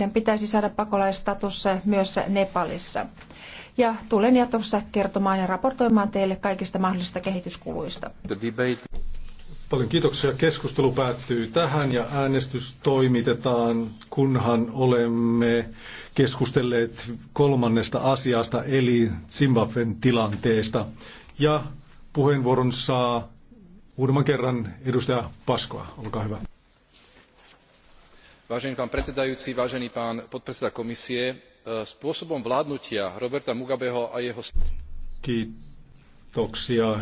Heidän pitäisi saada pakolaistatus myös Nepalissa. Ja tulen jatkossa kertomaan ja raportoimaan teille kaikista mahdollisista kehityskuluista. Paljon kiitoksia. Keskustelu päättyy tähän ja äänestys toimitetaan, kunhan olemme keskustelleet kolmannesta asiasta eli Zimbabwen tilanteesta. Ja puheenvuoron saa uudemman kerran edustaja Paskoa. Olkaa hyvä. E, spôsobom vládnutia roberta mugabeho a jeho. kiitoksia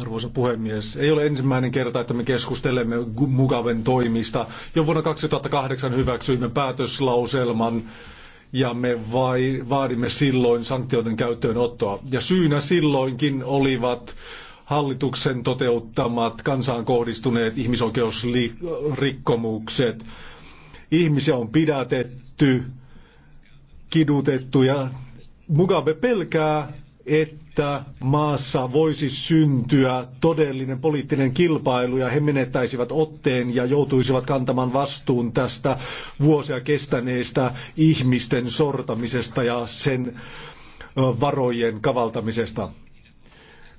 arvoisa puhemies ei ole ensimmäinen kerta että me keskustelemme mugaben toimista jo vuonna kaksituhatta kahdeksan hyväksyimme päätöslauselman ja me vai, vaadimme silloin sanktioiden käyttöönottoa ja syynä silloinkin olivat hallituksen toteuttamat kansaan kohdistuneet ihmisoikeusrikkomukset Ihmisiä on pidätetty, kidutettu ja Mugabe pelkää, että maassa voisi syntyä todellinen poliittinen kilpailu ja he menettäisivät otteen ja joutuisivat kantamaan vastuun tästä vuosia kestäneestä ihmisten sortamisesta ja sen varojen kavaltamisesta.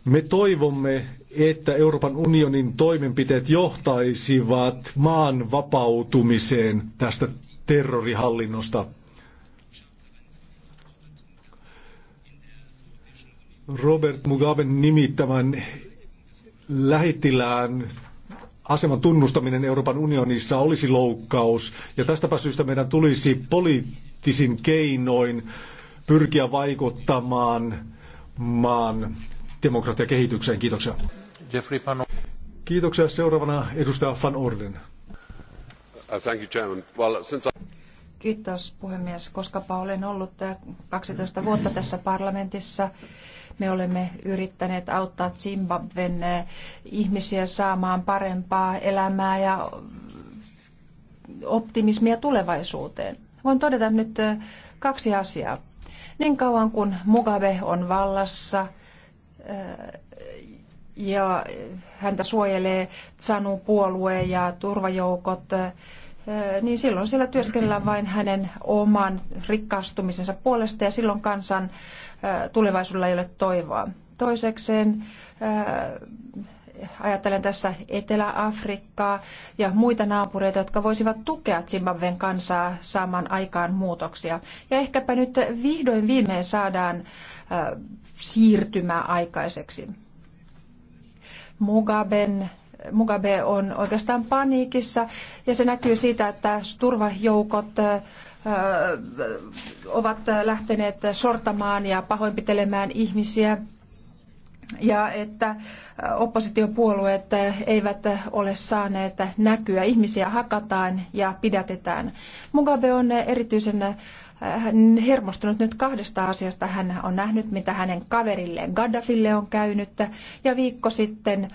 Me toivomme, että Euroopan unionin toimenpiteet johtaisivat maan vapautumiseen tästä terrorihallinnosta. Robert Mugaben nimittämän lähettilään aseman tunnustaminen Euroopan unionissa olisi loukkaus, ja tästäpä syystä meidän tulisi poliittisin keinoin pyrkiä vaikuttamaan maan demokratiakehitykseen. Kiitoksia. Jeffrey Van Kiitoksia. Seuraavana edustaja Van Orden. Uh, thank you, Chairman. Well, since I... Kiitos puhemies. Koskapa olen ollut 12 äh, vuotta tässä parlamentissa, me olemme yrittäneet auttaa Zimbabwen äh, ihmisiä saamaan parempaa elämää ja optimismia tulevaisuuteen. Voin todeta nyt äh, kaksi asiaa. Niin kauan kun Mugabe on vallassa, ja häntä suojelee Tsanun puolue ja turvajoukot, niin silloin siellä työskennellään vain hänen oman rikkaastumisensa puolesta ja silloin kansan tulevaisuudella ei ole toivoa. Toisekseen ajattelen tässä Etelä-Afrikkaa ja muita naapureita, jotka voisivat tukea Zimbabwen kansaa saamaan aikaan muutoksia. Ja ehkäpä nyt vihdoin viimein saadaan siirtymää aikaiseksi. Mugaben Mugabe on oikeastaan paniikissa ja se näkyy siitä, että turvajoukot ovat lähteneet sortamaan ja pahoinpitelemään ihmisiä ja että oppositiopuolueet eivät ole saaneet näkyä. Ihmisiä hakataan ja pidätetään. Mugabe on erityisen äh, hermostunut nyt kahdesta asiasta. Hän on nähnyt, mitä hänen kaverilleen Gaddafille on käynyt ja viikko sitten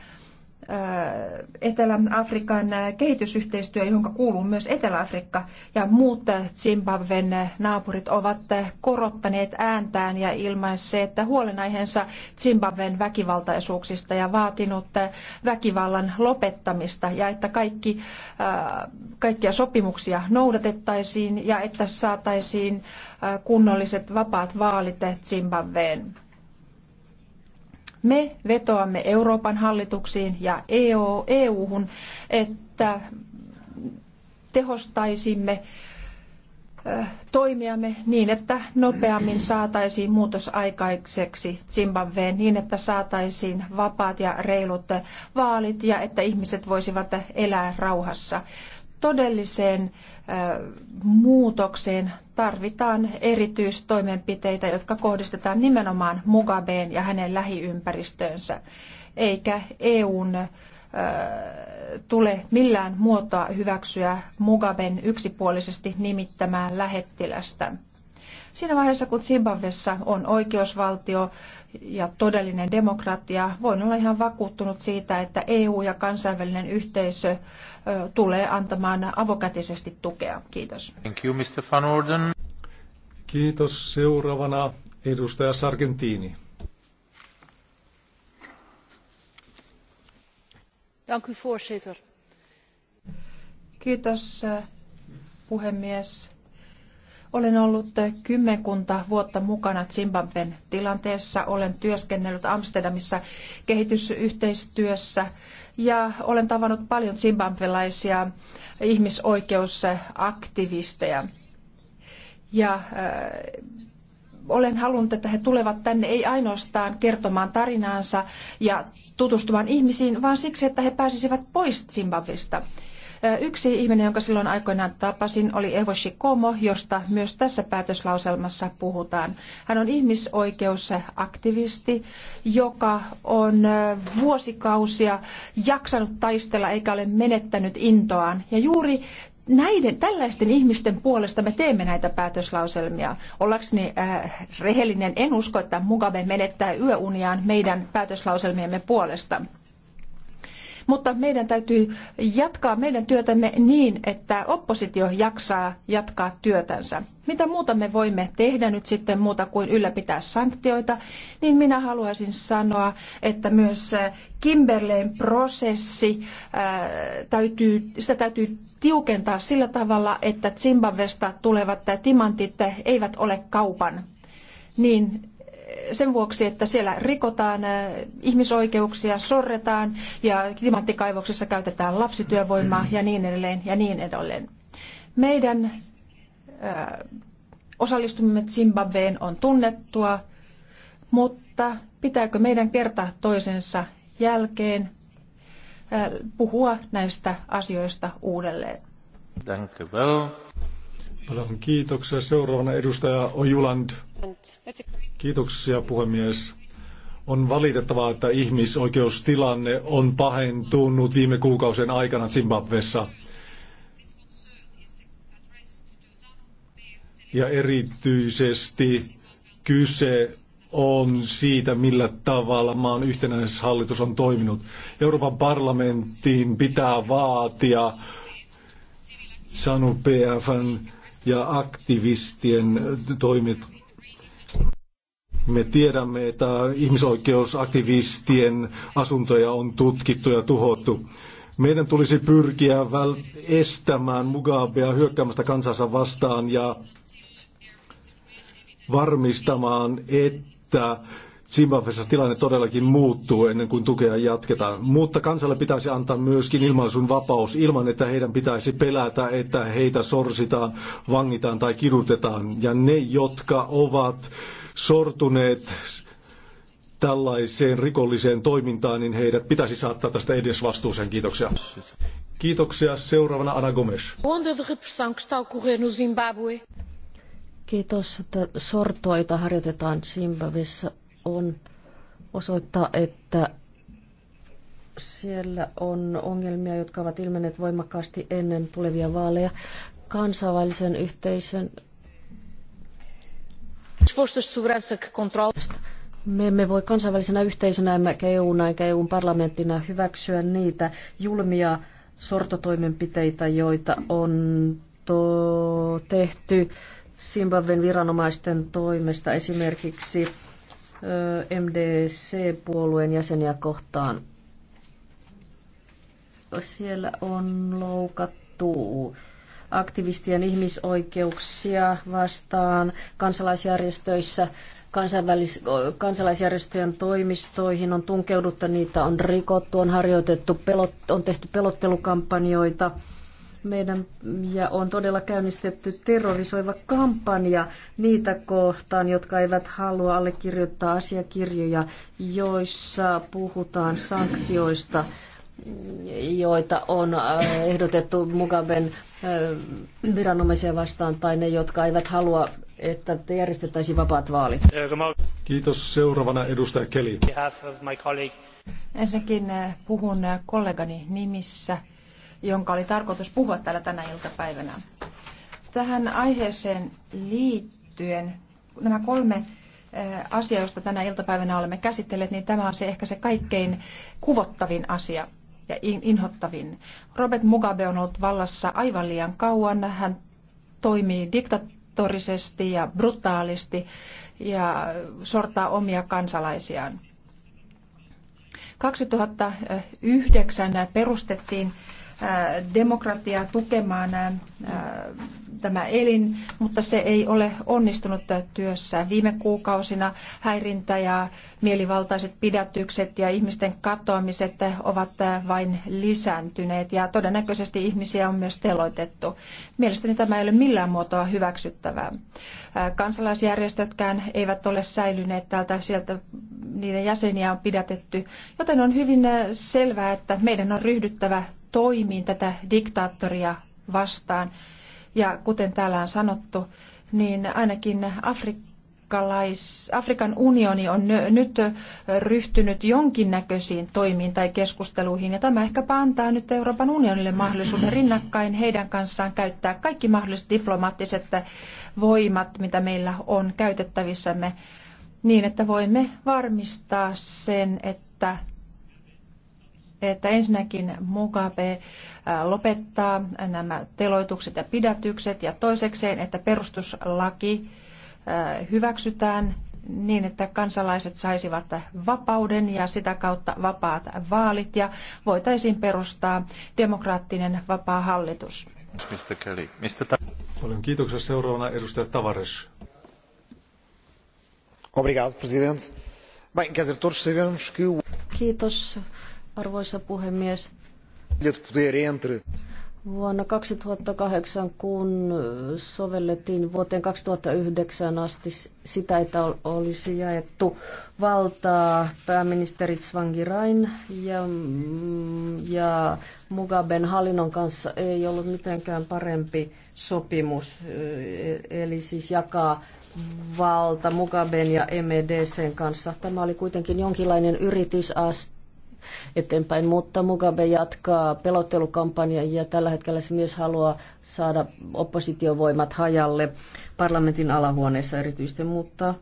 Etelä-Afrikan kehitysyhteistyö, johon kuuluu myös Etelä-Afrikka ja muut Zimbabwen naapurit ovat korottaneet ääntään ja ilmaisseet huolenaiheensa Zimbabwen väkivaltaisuuksista ja vaatinut väkivallan lopettamista ja että kaikki, kaikkia sopimuksia noudatettaisiin ja että saataisiin kunnolliset vapaat vaalit Zimbabween. Me vetoamme Euroopan hallituksiin ja EU-hun, e että tehostaisimme toimiamme niin, että nopeammin saataisiin muutos aikaiseksi Zimbabween niin, että saataisiin vapaat ja reilut vaalit ja että ihmiset voisivat elää rauhassa todelliseen muutokseen tarvitaan erityistoimenpiteitä, jotka kohdistetaan nimenomaan Mugabeen ja hänen lähiympäristöönsä, eikä EUn tule millään muotoa hyväksyä Mugaben yksipuolisesti nimittämään lähettilästä. Siinä vaiheessa, kun Zimbabwessa on oikeusvaltio ja todellinen demokratia, voin olla ihan vakuuttunut siitä, että EU ja kansainvälinen yhteisö tulee antamaan avokätisesti tukea. Kiitos. Thank you, Mr. Van Orden. Kiitos. Seuraavana edustaja Sargentini. Dank u, voorzitter. Kiitos, puhemies olen ollut kymmenkunta vuotta mukana Zimbabwen tilanteessa. Olen työskennellyt Amsterdamissa kehitysyhteistyössä ja olen tavannut paljon zimbabwelaisia ihmisoikeusaktivisteja. Ja äh, olen halunnut, että he tulevat tänne ei ainoastaan kertomaan tarinaansa ja tutustumaan ihmisiin, vaan siksi, että he pääsisivät pois Zimbabwesta. Yksi ihminen, jonka silloin aikoinaan tapasin, oli Evo Komo, josta myös tässä päätöslauselmassa puhutaan. Hän on ihmisoikeusaktivisti, joka on vuosikausia jaksanut taistella eikä ole menettänyt intoaan. Ja juuri näiden, tällaisten ihmisten puolesta me teemme näitä päätöslauselmia. Ollakseni äh, rehellinen, en usko, että Mugabe menettää yöuniaan meidän päätöslauselmiemme puolesta. Mutta meidän täytyy jatkaa meidän työtämme niin, että oppositio jaksaa jatkaa työtänsä. Mitä muuta me voimme tehdä nyt sitten muuta kuin ylläpitää sanktioita, niin minä haluaisin sanoa, että myös äh, Kimberleyn prosessi, ää, äh, täytyy, sitä täytyy tiukentaa sillä tavalla, että Zimbabvesta tulevat timantit eivät ole kaupan. Niin sen vuoksi, että siellä rikotaan äh, ihmisoikeuksia, sorretaan ja timanttikaivoksissa käytetään lapsityövoimaa ja niin edelleen ja niin edelleen. Meidän äh, osallistuminen Zimbabween on tunnettua, mutta pitääkö meidän kerta toisensa jälkeen äh, puhua näistä asioista uudelleen? Danke Paljon kiitoksia. Seuraavana edustaja Ojuland. Kiitoksia puhemies. On valitettavaa, että ihmisoikeustilanne on pahentunut viime kuukausien aikana Zimbabwessa. Ja erityisesti kyse on siitä, millä tavalla maan yhtenäishallitus on toiminut. Euroopan parlamenttiin pitää vaatia Sanu PFn ja aktivistien toimet. Me tiedämme, että ihmisoikeusaktivistien asuntoja on tutkittu ja tuhottu. Meidän tulisi pyrkiä estämään Mugabea hyökkäämästä kansansa vastaan ja varmistamaan, että Zimbabwessa tilanne todellakin muuttuu ennen kuin tukea jatketaan. Mutta kansalle pitäisi antaa myöskin ilmaisun vapaus ilman, että heidän pitäisi pelätä, että heitä sorsitaan, vangitaan tai kidutetaan. Ja ne, jotka ovat sortuneet tällaiseen rikolliseen toimintaan, niin heidät pitäisi saattaa tästä edes vastuuseen. Kiitoksia. Kiitoksia. Seuraavana Ana Gomes. No Kiitos, että sortoa, jota harjoitetaan Zimbabwessa, on osoittaa, että siellä on ongelmia, jotka ovat ilmenneet voimakkaasti ennen tulevia vaaleja. Kansainvälisen yhteisön me emme voi kansainvälisenä yhteisönä, emmekä EUna eikä EUn parlamenttina hyväksyä niitä julmia sortotoimenpiteitä, joita on to tehty Zimbabwen viranomaisten toimesta esimerkiksi MDC-puolueen jäseniä kohtaan. Siellä on loukattu aktivistien ihmisoikeuksia vastaan kansalaisjärjestöissä, kansainvälis- kansalaisjärjestöjen toimistoihin on tunkeuduttu, niitä on rikottu, on harjoitettu, pelot- on tehty pelottelukampanjoita meidän ja on todella käynnistetty terrorisoiva kampanja niitä kohtaan, jotka eivät halua allekirjoittaa asiakirjoja, joissa puhutaan sanktioista, joita on äh, ehdotettu Mugaben äh, viranomaisia vastaan tai ne, jotka eivät halua, että järjestettäisiin vapaat vaalit. Kiitos. Seuraavana edustaja Keli. Ensinnäkin äh, puhun kollegani nimissä – jonka oli tarkoitus puhua täällä tänä iltapäivänä. Tähän aiheeseen liittyen nämä kolme eh, asia, josta tänä iltapäivänä olemme käsitelleet, niin tämä on se ehkä se kaikkein kuvottavin asia ja inhottavin. Robert Mugabe on ollut vallassa aivan liian kauan. Hän toimii diktatorisesti ja brutaalisti ja sortaa omia kansalaisiaan. 2009 perustettiin demokratiaa tukemaan tämä elin, mutta se ei ole onnistunut työssä. Viime kuukausina häirintä ja mielivaltaiset pidätykset ja ihmisten katoamiset ovat vain lisääntyneet ja todennäköisesti ihmisiä on myös teloitettu. Mielestäni tämä ei ole millään muotoa hyväksyttävää. Kansalaisjärjestötkään eivät ole säilyneet täältä sieltä niiden jäseniä on pidätetty, joten on hyvin selvää, että meidän on ryhdyttävä toimiin tätä diktaattoria vastaan. Ja kuten täällä on sanottu, niin ainakin Afrikan unioni on nyt ryhtynyt jonkinnäköisiin toimiin tai keskusteluihin, ja tämä ehkä antaa nyt Euroopan unionille mahdollisuuden rinnakkain heidän kanssaan käyttää kaikki mahdolliset diplomaattiset voimat, mitä meillä on käytettävissämme, niin että voimme varmistaa sen, että että ensinnäkin Mugabe äh, lopettaa nämä teloitukset ja pidätykset ja toisekseen, että perustuslaki äh, hyväksytään niin, että kansalaiset saisivat vapauden ja sitä kautta vapaat vaalit ja voitaisiin perustaa demokraattinen vapaa hallitus. Mr. Kelly. Mr. Ta- Paljon kiitoksia. Seuraavana edustaja Tavares. Obrigado, presidente. Bem, quer dizer, todos sabemos que... Kiitos. Arvoisa puhemies. Vuonna 2008, kun sovellettiin vuoteen 2009 asti sitä, että olisi jaettu valtaa pääministeri Tsvangirain ja, ja Mugaben hallinnon kanssa, ei ollut mitenkään parempi sopimus, e-, eli siis jakaa valta Mugaben ja MEDCn kanssa. Tämä oli kuitenkin jonkinlainen yritys eteenpäin, mutta Mugabe jatkaa pelottelukampanjaa ja tällä hetkellä se myös haluaa saada oppositiovoimat hajalle parlamentin alahuoneessa erityisesti, mutta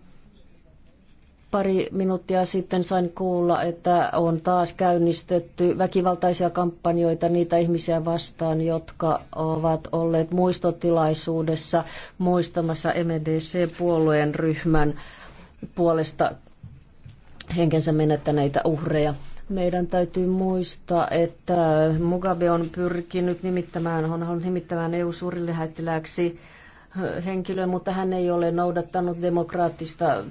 pari minuuttia sitten sain kuulla, että on taas käynnistetty väkivaltaisia kampanjoita niitä ihmisiä vastaan, jotka ovat olleet muistotilaisuudessa muistamassa MDC-puolueen ryhmän puolesta henkensä menettäneitä uhreja. Meidän täytyy muistaa, että Mugabe on pyrkinyt nimittämään, on halunnut nimittämään eu suurilähettilääksi henkilöä, mutta hän ei ole noudattanut demokraattista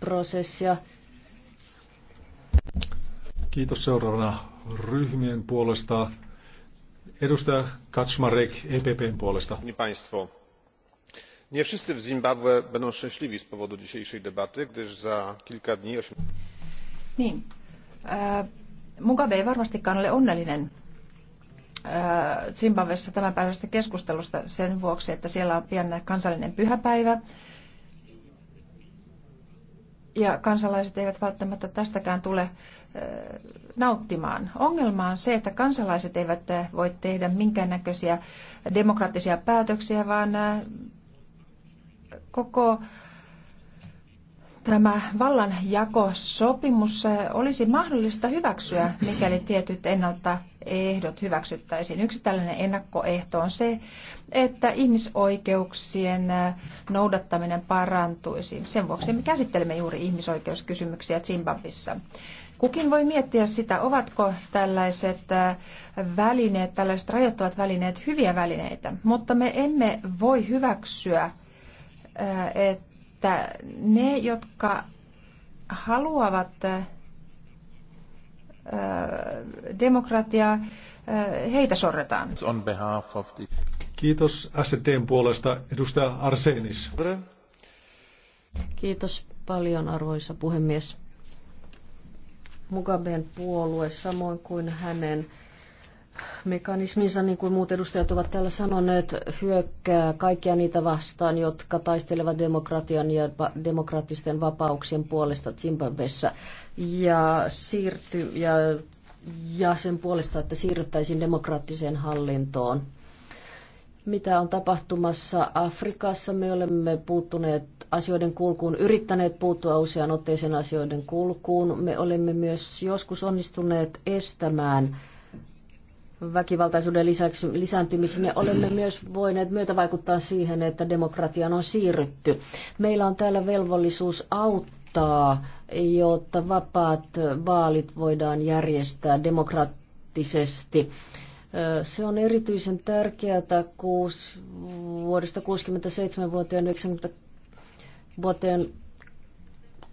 prosessia. Kiitos seuraavana ryhmien puolesta. Edustaja Kaczmarek EPPn puolesta. Państwo. Nie wszyscy w Zimbabwe będą szczęśliwi z powodu dzisiejszej debaty, gdyż za kilka dni... Niin. Äh, Mugabe ei varmastikaan ole onnellinen äh, Zimbabwessa tämän päivästä keskustelusta sen vuoksi, että siellä on pian kansallinen pyhäpäivä. Ja kansalaiset eivät välttämättä tästäkään tule äh, nauttimaan. Ongelma on se, että kansalaiset eivät voi tehdä minkäännäköisiä demokraattisia päätöksiä, vaan koko tämä vallanjakosopimus eh, olisi mahdollista hyväksyä, mikäli tietyt ennalta ehdot hyväksyttäisiin. Yksi tällainen ennakkoehto on se, että ihmisoikeuksien eh, noudattaminen parantuisi. Sen vuoksi me käsittelemme juuri ihmisoikeuskysymyksiä Zimbabissa. Kukin voi miettiä sitä, ovatko tällaiset eh, välineet, tällaiset rajoittavat välineet hyviä välineitä, mutta me emme voi hyväksyä, että että ne, jotka haluavat demokratiaa, heitä sorretaan. Kiitos SDn puolesta edustaja Arsenis. Kiitos paljon arvoisa puhemies. Mugabeen puolue samoin kuin hänen mekanisminsa, niin kuin muut edustajat ovat täällä sanoneet, hyökkää kaikkia niitä vastaan, jotka taistelevat demokratian ja demokraattisten vapauksien puolesta Zimbabwessa ja, siirty, ja, ja sen puolesta, että siirryttäisiin demokraattiseen hallintoon. Mitä on tapahtumassa Afrikassa? Me olemme puuttuneet asioiden kulkuun, yrittäneet puuttua useaan otteeseen asioiden kulkuun. Me olemme myös joskus onnistuneet estämään – väkivaltaisuuden lisäksi, lisääntymisen niin ja olemme myös voineet myötävaikuttaa siihen, että demokratiaan on siirrytty. Meillä on täällä velvollisuus auttaa, jotta vapaat vaalit voidaan järjestää demokraattisesti. Se on erityisen tärkeää kuus, vuodesta 67 vuoteen 90 vuoteen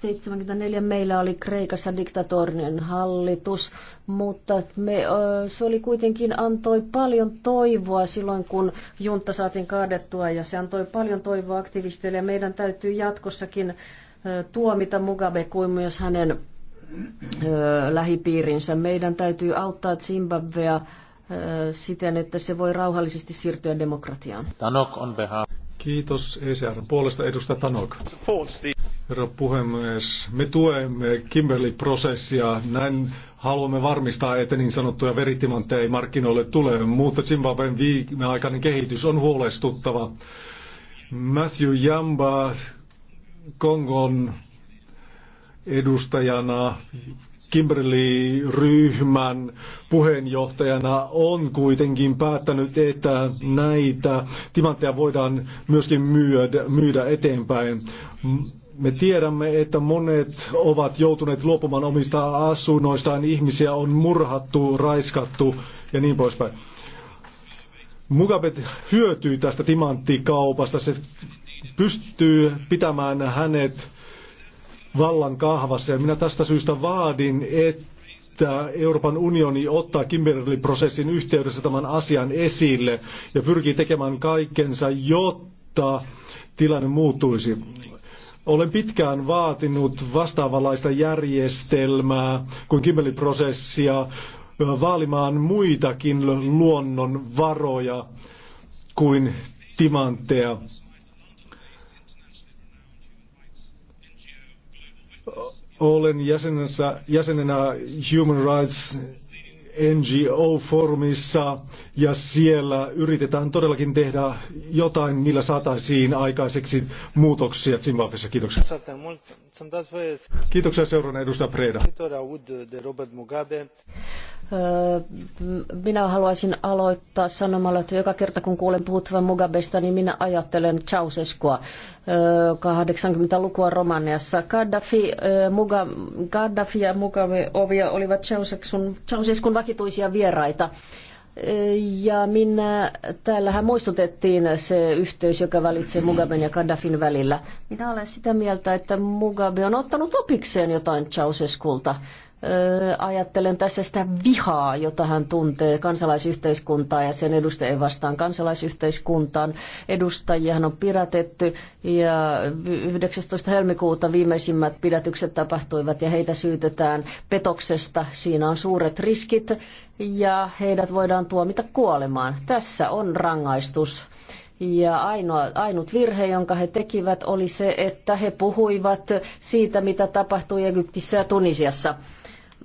1974 meillä oli Kreikassa diktatorinen hallitus, mutta me, se oli kuitenkin antoi paljon toivoa silloin, kun junta saatiin kaadettua ja se antoi paljon toivoa aktivisteille ja meidän täytyy jatkossakin tuomita Mugabe kuin myös hänen lähipiirinsä. Meidän täytyy auttaa Zimbabwea siten, että se voi rauhallisesti siirtyä demokratiaan. Tanok on behalf. Kiitos ECR puolesta edustaja Tanok. Herra puhemies, me tuemme Kimberley-prosessia. Näin haluamme varmistaa, että niin sanottuja veritimantteja ei markkinoille tule, mutta Zimbabwen viimeaikainen kehitys on huolestuttava. Matthew Jamba Kongon edustajana Kimberley-ryhmän puheenjohtajana on kuitenkin päättänyt, että näitä timantteja voidaan myöskin myydä, myydä eteenpäin. Me tiedämme, että monet ovat joutuneet luopumaan omista asunnoistaan, ihmisiä on murhattu, raiskattu ja niin poispäin. Mugabe hyötyy tästä timanttikaupasta, se pystyy pitämään hänet vallan kahvassa. Ja minä tästä syystä vaadin, että Euroopan unioni ottaa Kimberley-prosessin yhteydessä tämän asian esille ja pyrkii tekemään kaikkensa, jotta tilanne muuttuisi. Olen pitkään vaatinut vastaavanlaista järjestelmää kuin Kimmeli-prosessia vaalimaan muitakin luonnonvaroja kuin timantteja. Olen jäsenensä, jäsenenä Human Rights NGO-formissa ja siellä yritetään todellakin tehdä jotain, millä saataisiin aikaiseksi muutoksia Zimbabwessa. Kiitoksia. Kiitoksia seuraavan edustaja Preda. Minä haluaisin aloittaa sanomalla, että joka kerta kun kuulen puhuttavan Mugabesta, niin minä ajattelen Ceausescua 80-lukua Romaniassa. Gaddafi, Muga, Gaddafi ja Mugabe olivat Ceausescun vakituisia vieraita. Ja minä, täällähän muistutettiin se yhteys, joka valitsee Mugaben ja Gaddafin välillä. Minä olen sitä mieltä, että Mugabe on ottanut opikseen jotain Ceausesculta ajattelen tässä sitä vihaa, jota hän tuntee kansalaisyhteiskuntaa ja sen edustajien vastaan. Kansalaisyhteiskuntaan edustajia hän on pidätetty ja 19. helmikuuta viimeisimmät pidätykset tapahtuivat ja heitä syytetään petoksesta. Siinä on suuret riskit ja heidät voidaan tuomita kuolemaan. Tässä on rangaistus. Ja ainoa, ainut virhe, jonka he tekivät, oli se, että he puhuivat siitä, mitä tapahtui Egyptissä ja Tunisiassa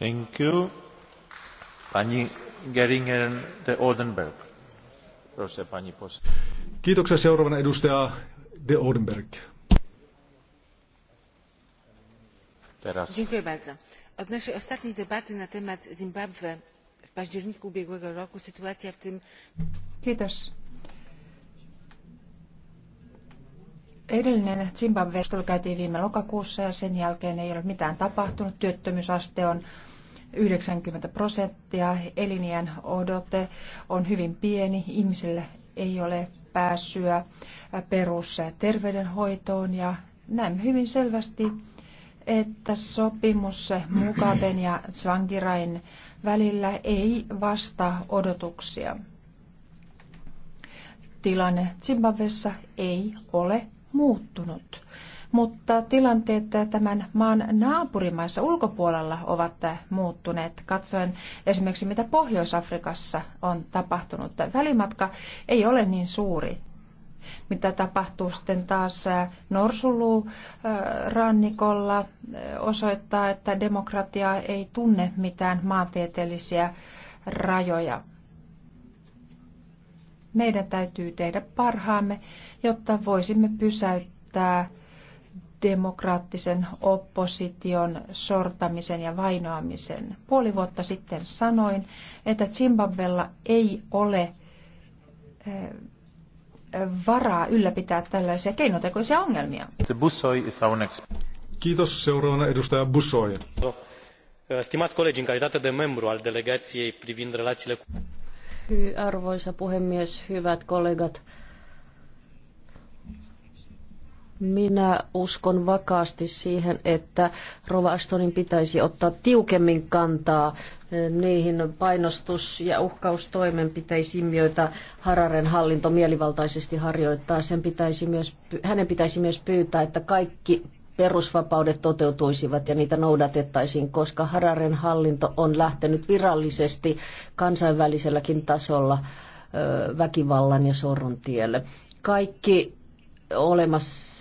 de Kiitoksia seuraavana edustaja de Odenberg. Teraz. Dziękuję bardzo. Od naszej ostatniej debaty na temat Zimbabwe w październiku ubiegłego roku sytuacja w tym... Kiitos Edellinen Zimbabwe-keskustelu käytiin viime lokakuussa ja sen jälkeen ei ole mitään tapahtunut. Työttömyysaste on 90 prosenttia, elinien odote on hyvin pieni, ihmisillä ei ole pääsyä perusterveydenhoitoon ja näemme hyvin selvästi, että sopimus Mugaben ja Tsvangirain välillä ei vastaa odotuksia. Tilanne Zimbabwessa ei ole muuttunut, mutta tilanteet tämän maan naapurimaissa ulkopuolella ovat muuttuneet. Katsoen esimerkiksi, mitä Pohjois-Afrikassa on tapahtunut. Välimatka ei ole niin suuri mitä tapahtuu sitten taas norsulu rannikolla osoittaa, että demokratia ei tunne mitään maantieteellisiä rajoja. Meidän täytyy tehdä parhaamme, jotta voisimme pysäyttää demokraattisen opposition sortamisen ja vainoamisen. Puoli vuotta sitten sanoin, että Zimbabwella ei ole eh, varaa ylläpitää tällaisia keinotekoisia ongelmia. Kiitos. Seuraavana edustaja Bussoi. Stimați colegi, în calitate de membru al delegației privind relațiile cu... Hy, arvoisa puhemies, hyvät kollegat. Minä uskon vakaasti siihen, että Rova Astonin pitäisi ottaa tiukemmin kantaa niihin painostus- ja uhkaustoimenpiteisiin, joita Hararen hallinto mielivaltaisesti harjoittaa. Sen pitäisi myös, hänen pitäisi myös pyytää, että kaikki perusvapaudet toteutuisivat ja niitä noudatettaisiin, koska Hararen hallinto on lähtenyt virallisesti kansainväliselläkin tasolla väkivallan ja sorron tielle. Kaikki olemassa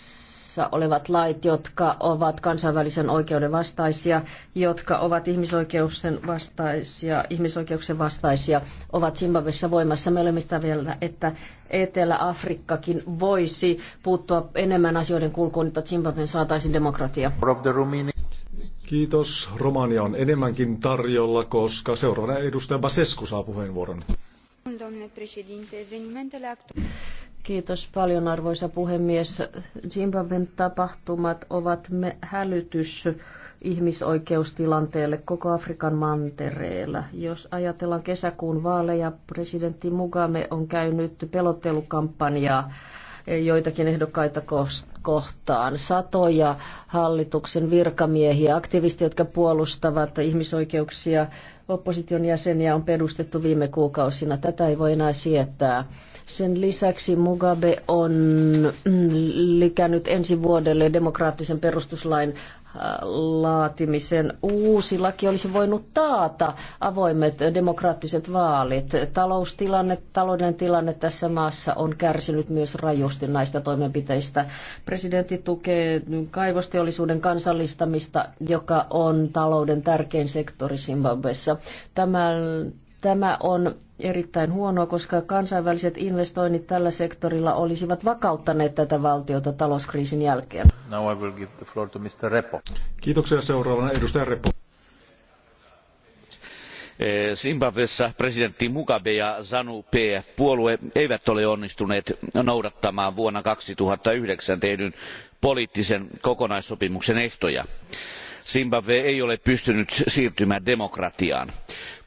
voimassa olevat lait, jotka ovat kansainvälisen oikeuden vastaisia, jotka ovat ihmisoikeuksien vastaisia, ihmisoikeuksien vastaisia, ovat Zimbabwessa voimassa. Me olemme sitä vielä, että Etelä-Afrikkakin voisi puuttua enemmän asioiden kulkuun, että Zimbabwen saataisiin demokratia. Kiitos. Romania on enemmänkin tarjolla, koska seuraavana edustaja Basescu saa puheenvuoron. Kiitos paljon arvoisa puhemies. Zimbabwen tapahtumat ovat me hälytys ihmisoikeustilanteelle koko Afrikan mantereella. Jos ajatellaan kesäkuun vaaleja, presidentti Mugabe on käynyt pelottelukampanjaa joitakin ehdokkaita kohtaan. Satoja hallituksen virkamiehiä, aktivisteja, jotka puolustavat ihmisoikeuksia, opposition jäseniä on perustettu viime kuukausina. Tätä ei voi enää sietää. Sen lisäksi Mugabe on mm, lykännyt ensi vuodelle demokraattisen perustuslain laatimisen uusi laki olisi voinut taata avoimet demokraattiset vaalit. Taloustilanne, talouden tilanne tässä maassa on kärsinyt myös rajusti näistä toimenpiteistä. Presidentti tukee kaivosteollisuuden kansallistamista, joka on talouden tärkein sektori Zimbabwessa. Tämän Tämä on erittäin huonoa, koska kansainväliset investoinnit tällä sektorilla olisivat vakauttaneet tätä valtiota talouskriisin jälkeen. Now I will give the floor to Mr. Repo. Kiitoksia seuraavana edustaja Repo. Eh, Zimbabwessa presidentti Mugabe ja ZANU PF-puolue eivät ole onnistuneet noudattamaan vuonna 2009 tehdyn poliittisen kokonaissopimuksen ehtoja. Zimbabwe ei ole pystynyt siirtymään demokratiaan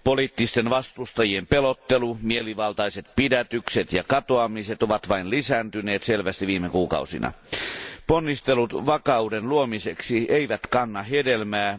poliittisten vastustajien pelottelu mielivaltaiset pidätykset ja katoamiset ovat vain lisääntyneet selvästi viime kuukausina. ponnistelut vakauden luomiseksi eivät kanna hedelmää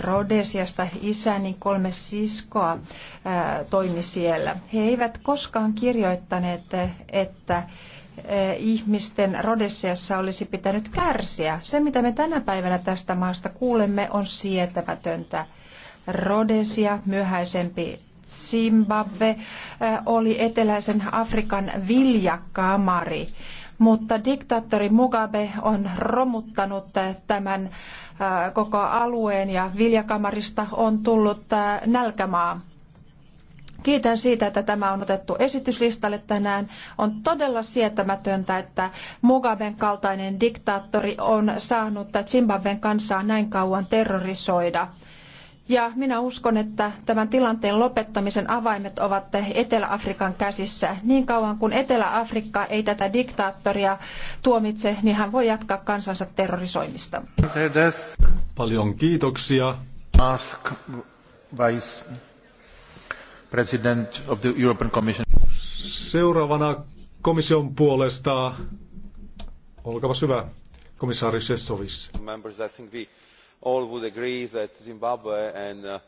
Rodesiasta isäni kolme siskoa toimi siellä. He eivät koskaan kirjoittaneet, että ihmisten Rodesiassa olisi pitänyt kärsiä. Se, mitä me tänä päivänä tästä maasta kuulemme, on sietämätöntä. Rodesia, myöhäisempi Zimbabwe, oli eteläisen Afrikan viljakamari mutta diktaattori Mugabe on romuttanut tämän koko alueen ja viljakamarista on tullut nälkämaa. Kiitän siitä, että tämä on otettu esityslistalle tänään. On todella sietämätöntä, että Mugaben kaltainen diktaattori on saanut Zimbabwen kansaa näin kauan terrorisoida. Ja minä uskon, että tämän tilanteen lopettamisen avaimet ovat Etelä-Afrikan käsissä. Niin kauan kuin Etelä-Afrikka ei tätä diktaattoria tuomitse, niin hän voi jatkaa kansansa terrorisoimista. Paljon kiitoksia. Ask Vice President of the European Commission. Seuraavana komission puolesta, olkaa hyvä, komissaari Sessovis. Members, I think we all would agree that Zimbabwe and uh,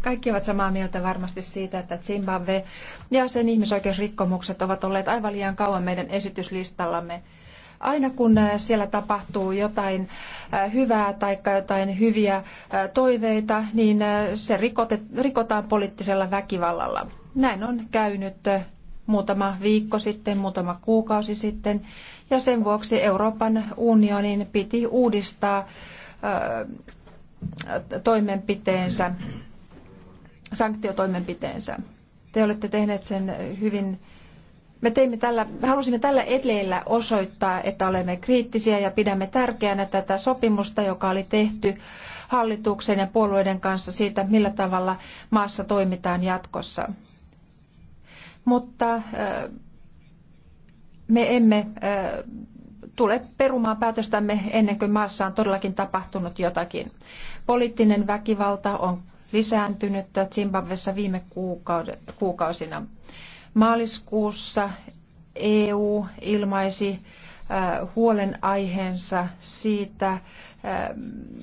kaikki ovat samaa mieltä varmasti siitä, että Zimbabwe ja sen ihmisoikeusrikkomukset ovat olleet aivan liian kauan meidän esityslistallamme. Aina kun äh, siellä tapahtuu jotain äh, hyvää tai jotain hyviä äh, toiveita, niin se rikotaan poliittisella väkivallalla. Näin on käynyt muutama viikko sitten, muutama kuukausi sitten, ja sen vuoksi Euroopan unionin piti uudistaa toimenpiteensä, sanktiotoimenpiteensä. Te olette tehneet sen hyvin me teimme tällä, halusimme tällä edellä osoittaa, että olemme kriittisiä ja pidämme tärkeänä tätä sopimusta, joka oli tehty hallituksen ja puolueiden kanssa siitä, millä tavalla maassa toimitaan jatkossa. Mutta me emme tule perumaan päätöstämme ennen kuin maassa on todellakin tapahtunut jotakin. Poliittinen väkivalta on lisääntynyt Zimbabwessa viime kuukausina. Maaliskuussa EU ilmaisi huolenaiheensa siitä,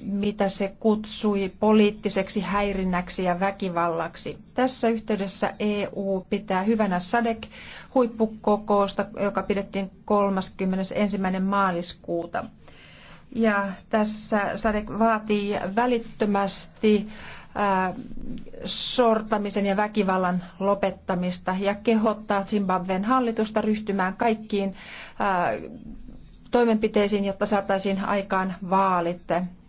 mitä se kutsui poliittiseksi häirinnäksi ja väkivallaksi. Tässä yhteydessä EU pitää hyvänä SADEC-huippukokousta, joka pidettiin 31. maaliskuuta. Ja tässä SADEC vaatii välittömästi sortamisen ja väkivallan lopettamista ja kehottaa Zimbabwen hallitusta ryhtymään kaikkiin toimenpiteisiin, jotta saataisiin aikaan vaalit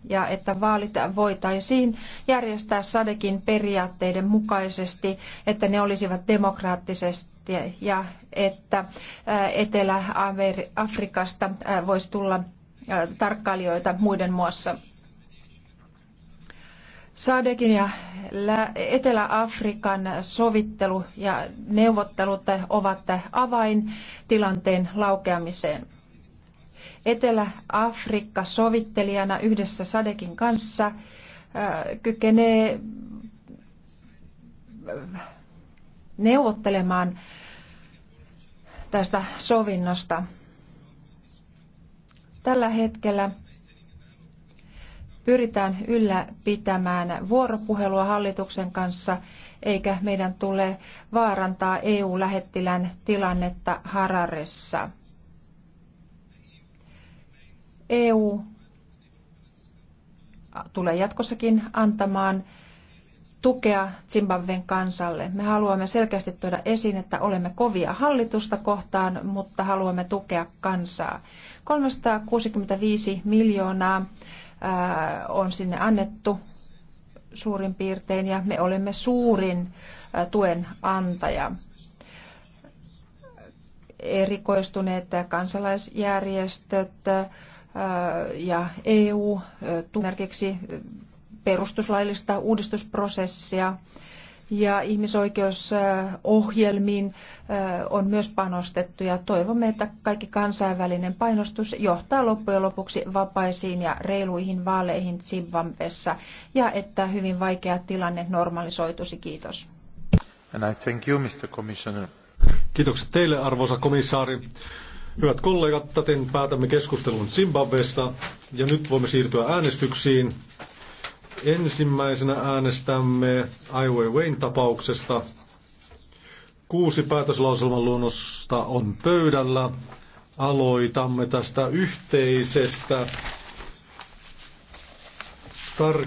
ja että vaalit voitaisiin järjestää Sadekin periaatteiden mukaisesti, että ne olisivat demokraattisesti ja että Etelä-Afrikasta voisi tulla tarkkailijoita muiden muassa. Sadekin ja Etelä-Afrikan sovittelu ja neuvottelut ovat avain tilanteen laukeamiseen. Etelä-Afrikka sovittelijana yhdessä Sadekin kanssa äh, kykenee äh, neuvottelemaan tästä sovinnosta. Tällä hetkellä pyritään ylläpitämään vuoropuhelua hallituksen kanssa, eikä meidän tule vaarantaa EU-lähettilän tilannetta Hararessa. EU tulee jatkossakin antamaan tukea Zimbabwen kansalle. Me haluamme selkeästi tuoda esiin, että olemme kovia hallitusta kohtaan, mutta haluamme tukea kansaa. 365 miljoonaa Äh, on sinne annettu suurin piirtein ja me olemme suurin äh, tuen antaja. Erikoistuneet kansalaisjärjestöt äh, ja EU, esimerkiksi perustuslaillista uudistusprosessia, ja ihmisoikeusohjelmiin on myös panostettu ja toivomme, että kaikki kansainvälinen painostus johtaa loppujen lopuksi vapaisiin ja reiluihin vaaleihin Zimbabwessa ja että hyvin vaikea tilanne normalisoitusi. Kiitos. And I thank you, Mr. Commissioner. Kiitokset teille, arvoisa komissaari. Hyvät kollegat, täten päätämme keskustelun Zimbabwesta ja nyt voimme siirtyä äänestyksiin. Ensimmäisenä äänestämme Ai Weiwein tapauksesta. Kuusi päätöslauselman luonnosta on pöydällä. Aloitamme tästä yhteisestä tar-